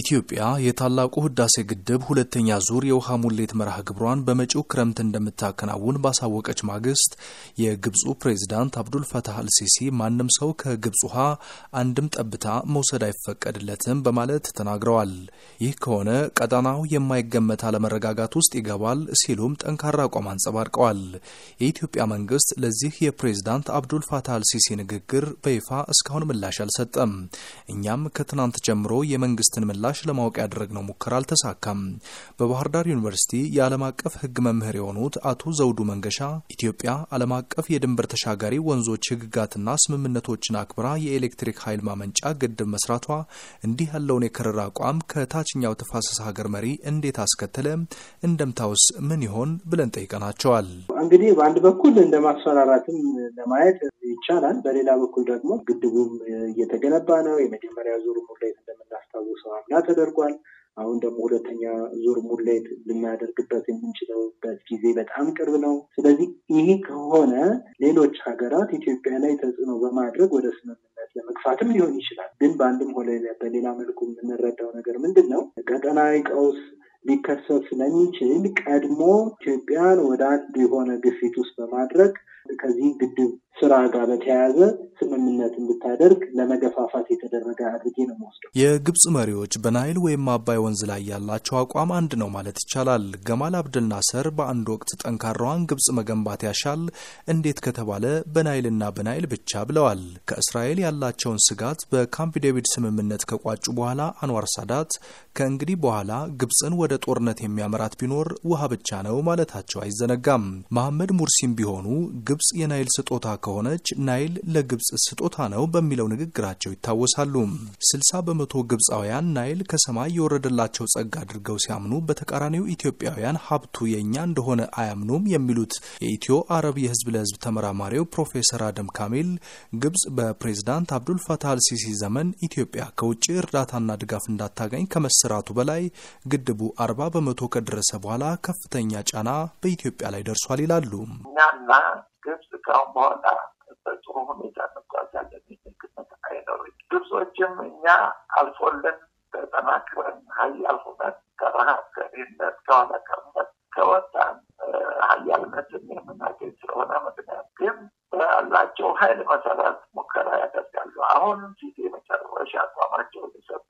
ኢትዮጵያ የታላቁ ህዳሴ ግድብ ሁለተኛ ዙር የውሃ ሙሌት መርሃ ግብሯን በመጪው ክረምት እንደምታከናውን ባሳወቀች ማግስት የግብፁ ፕሬዚዳንት አብዱል ፈታህ አልሲሲ ማንም ሰው ከግብፅ ውሃ አንድም ጠብታ መውሰድ አይፈቀድለትም በማለት ተናግረዋል። ይህ ከሆነ ቀጠናው የማይገመት አለመረጋጋት ውስጥ ይገባል ሲሉም ጠንካራ አቋም አንጸባርቀዋል። የኢትዮጵያ መንግስት ለዚህ የፕሬዚዳንት አብዱል ፈታህ አልሲሲ ንግግር በይፋ እስካሁን ምላሽ አልሰጠም። እኛም ከትናንት ጀምሮ የመንግስትን ምላሽ ለማወቅ ያደረግነው ሙከራ አልተሳካም። በባህር ዳር ዩኒቨርሲቲ የዓለም አቀፍ ሕግ መምህር የሆኑት አቶ ዘውዱ መንገሻ ኢትዮጵያ ዓለም አቀፍ የድንበር ተሻጋሪ ወንዞች ሕግጋትና ስምምነቶችን አክብራ የኤሌክትሪክ ኃይል ማመንጫ ግድብ መስራቷ እንዲህ ያለውን የከረረ አቋም ከታችኛው ተፋሰስ ሀገር መሪ እንዴት አስከተለ፣ እንደምታውስ ምን ይሆን ብለን ጠይቀናቸዋል። እንግዲህ በአንድ በኩል እንደ ማስፈራራትም ለማየት ይቻላል። በሌላ በኩል ደግሞ ግድቡም እየተገነባ ነው። የመጀመሪያ ዙር ሙሌት እንደምናስታውሰዋል ሙላ ተደርጓል። አሁን ደግሞ ሁለተኛ ዙር ሙሌት ልናደርግበት የምንችለበት ጊዜ በጣም ቅርብ ነው። ስለዚህ ይህ ከሆነ ሌሎች ሀገራት ኢትዮጵያ ላይ ተጽዕኖ በማድረግ ወደ ስምምነት ለመግፋትም ሊሆን ይችላል። ግን በአንድም ሆነ በሌላ መልኩ የምንረዳው ነገር ምንድን ነው ቀጠናዊ ቀውስ ሊከሰት ስለሚችል ቀድሞ ኢትዮጵያን ወደ አንድ የሆነ ግፊት ውስጥ በማድረግ ከዚህ ግድብ ስራ ጋር በተያያዘ ስምምነት እንድታደርግ ለመገፋፋት የተደረገ አድርጌ ነው መወስደው። የግብፅ መሪዎች በናይል ወይም አባይ ወንዝ ላይ ያላቸው አቋም አንድ ነው ማለት ይቻላል። ገማል አብደል ናሰር በአንድ ወቅት ጠንካራዋን ግብፅ መገንባት ያሻል እንዴት ከተባለ በናይልና በናይል ብቻ ብለዋል። ከእስራኤል ያላቸውን ስጋት በካምፕ ዴቪድ ስምምነት ከቋጩ በኋላ አንዋር ሳዳት ከእንግዲህ በኋላ ግብፅን ወደ ወደ ጦርነት የሚያመራት ቢኖር ውሃ ብቻ ነው ማለታቸው አይዘነጋም። መሐመድ ሙርሲም ቢሆኑ ግብጽ የናይል ስጦታ ከሆነች ናይል ለግብጽ ስጦታ ነው በሚለው ንግግራቸው ይታወሳሉ። 60 በመቶ ግብፃውያን ናይል ከሰማይ የወረደላቸው ጸጋ አድርገው ሲያምኑ፣ በተቃራኒው ኢትዮጵያውያን ሀብቱ የእኛ እንደሆነ አያምኑም የሚሉት የኢትዮ አረብ የህዝብ ለህዝብ ተመራማሪው ፕሮፌሰር አደም ካሚል ግብጽ በፕሬዝዳንት አብዱል ፈታህ አልሲሲ ዘመን ኢትዮጵያ ከውጭ እርዳታና ድጋፍ እንዳታገኝ ከመሰራቱ በላይ ግድቡ አርባ በመቶ ከደረሰ በኋላ ከፍተኛ ጫና በኢትዮጵያ ላይ ደርሷል ይላሉ። እኛና ግብጽ ካሁን በኋላ በጥሩ ሁኔታ መጓዝ ያለብኝ ግምት ግብጾችም እኛ አልፎልን ተጠናክረን ሀያል ሆነን ከረሃብ ከድህነት ከኋላ ቀርነት ከወጣን ሀያልነትን የምናገኝ ስለሆነ ምክንያት ግን በላቸው ሀይል መሰረት ሙከራ ያደርጋሉ። አሁንም ጊዜ መጨረሻ አቋማቸው ሊሰጡ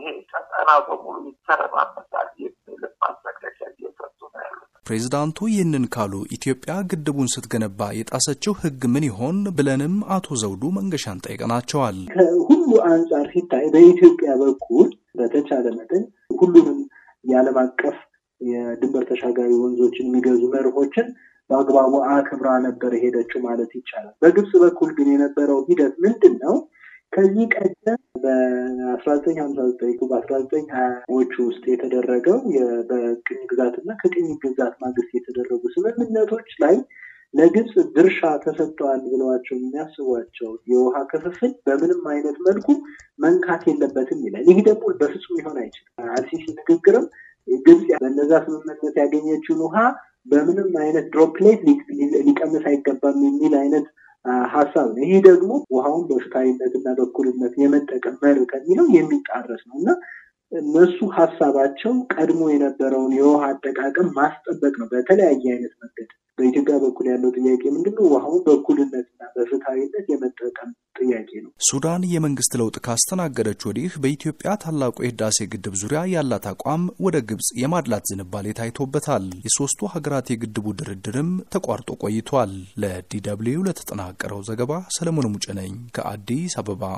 ይሄ ቀጠና በሙሉ ይተረማመታል የሚል ማስጠንቀቂያ እየሰጡ ነው ያሉት ፕሬዚዳንቱ። ይህንን ካሉ ኢትዮጵያ ግድቡን ስትገነባ የጣሰችው ሕግ ምን ይሆን ብለንም አቶ ዘውዱ መንገሻን ጠይቀናቸዋል። ከሁሉ አንጻር ሲታይ በኢትዮጵያ በኩል በተቻለ መጠን ሁሉንም የዓለም አቀፍ የድንበር ተሻጋሪ ወንዞችን የሚገዙ መርሆችን በአግባቡ አክብራ ነበር ሄደችው ማለት ይቻላል። በግብጽ በኩል ግን የነበረው ሂደት ምንድን ነው? ከዚህ ቀደም በ1959 በ1920ዎቹ ውስጥ የተደረገው በቅኝ ግዛትና ከቅኝ ግዛት ማግስት የተደረጉ ስምምነቶች ላይ ለግብፅ ድርሻ ተሰጥተዋል ብለዋቸው የሚያስቧቸው የውሃ ክፍፍል በምንም አይነት መልኩ መንካት የለበትም ይላል። ይህ ደግሞ በፍጹም ሊሆን አይችልም። አልሲሲ ንግግርም ግብፅ በነዛ ስምምነት ያገኘችውን ውሃ በምንም አይነት ድሮፕሌት ሊቀንስ አይገባም የሚል አይነት ሀሳብ ነው። ይህ ደግሞ ውሃውን እና በእኩልነት የመጠቀም መርህ ከሚለው የሚጣረስ ነው እና እነሱ ሀሳባቸው ቀድሞ የነበረውን የውሃ አጠቃቀም ማስጠበቅ ነው፣ በተለያየ አይነት መንገድ። በኢትዮጵያ በኩል ያለው ጥያቄ ምንድነው? ውሃውን በእኩልነትና በፍትሐዊነት የመጠቀም ጥያቄ ነው። ሱዳን የመንግስት ለውጥ ካስተናገደች ወዲህ በኢትዮጵያ ታላቁ የህዳሴ ግድብ ዙሪያ ያላት አቋም ወደ ግብጽ የማድላት ዝንባሌ ታይቶበታል። የሶስቱ ሀገራት የግድቡ ድርድርም ተቋርጦ ቆይቷል። ለዲ ደብልዩ ለተጠናቀረው ዘገባ ሰለሞን ሙጭ ነኝ ከአዲስ አበባ